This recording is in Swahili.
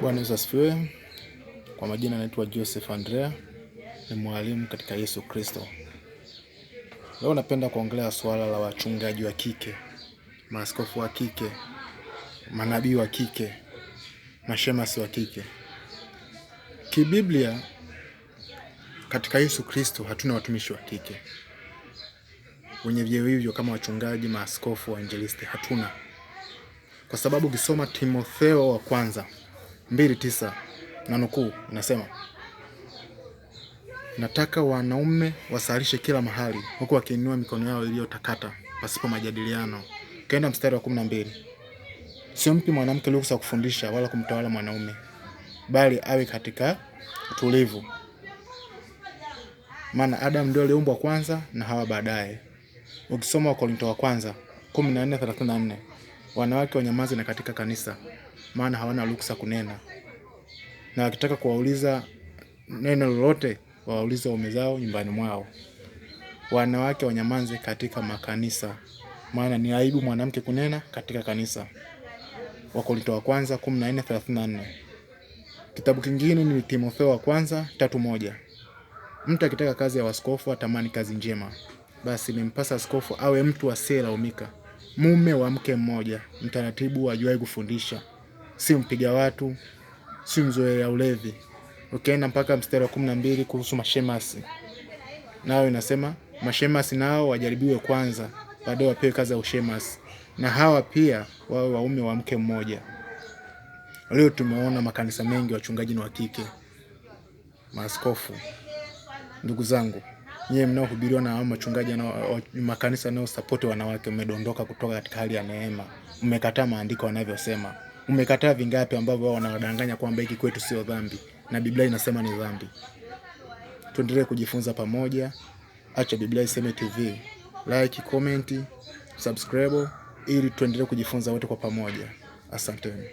Bwana Yesu asifiwe. Kwa majina anaitwa Joseph Andrea, ni mwalimu katika Yesu Kristo. Leo napenda kuongelea swala la wachungaji wa kike, maaskofu wa kike, manabii wa kike, mashemasi wa kike. Kibiblia katika Yesu Kristo hatuna watumishi wa kike wenye vyeo hivyo kama wachungaji, maaskofu, wainjilisti, hatuna, kwa sababu ukisoma Timotheo wa kwanza mbili tisa na nukuu inasema, nataka wanaume wasalishe kila mahali huku wakiinua mikono yao iliyotakata pasipo majadiliano. Kaenda mstari wa kumi na mbili sio mpi mwanamke ruhusa kufundisha wala kumtawala mwanaume, bali awe katika utulivu, maana Adamu ndio aliumbwa kwanza na Hawa baadaye. Ukisoma Wakorinto wa kwanza kumi na4 nne Wanawake wanyamaze na katika kanisa, maana hawana ruksa kunena, na wakitaka kuwauliza neno lolote wawaulize waume zao nyumbani mwao. Wanawake wanyamaze katika makanisa, maana ni aibu mwanamke kunena katika kanisa. Wakorinto wa kwanza 14:34. Kitabu kingine ni Timotheo wa kwanza tatu moja. Mtu akitaka kazi ya waskofu atamani kazi njema, basi imempasa askofu awe mtu asiyelaumika mume wa mke mmoja, mtaratibu ajuae kufundisha, si mpiga watu, si mzoea ulevi. Ukienda mpaka mstari wa kumi na mbili kuhusu mashemasi, nayo inasema mashemasi nao wajaribiwe kwanza, baadaye wapewe kazi ya ushemasi, na hawa pia wawe waume wa mke mmoja. Leo tumeona makanisa mengi wachungaji ni wa kike, maaskofu. Ndugu zangu nyie mnaohubiriwa na machungaji na makanisa yanayosapoti wanawake, mmedondoka kutoka katika hali ya neema. Mmekataa maandiko yanavyosema. Mmekataa vingapi ambavyo wao wanawadanganya kwamba hiki kwetu sio dhambi na Biblia inasema ni dhambi. Tuendelee kujifunza pamoja. Acha Biblia Iseme TV, like, comment, subscribe ili tuendelee kujifunza wote kwa pamoja. Asanteni.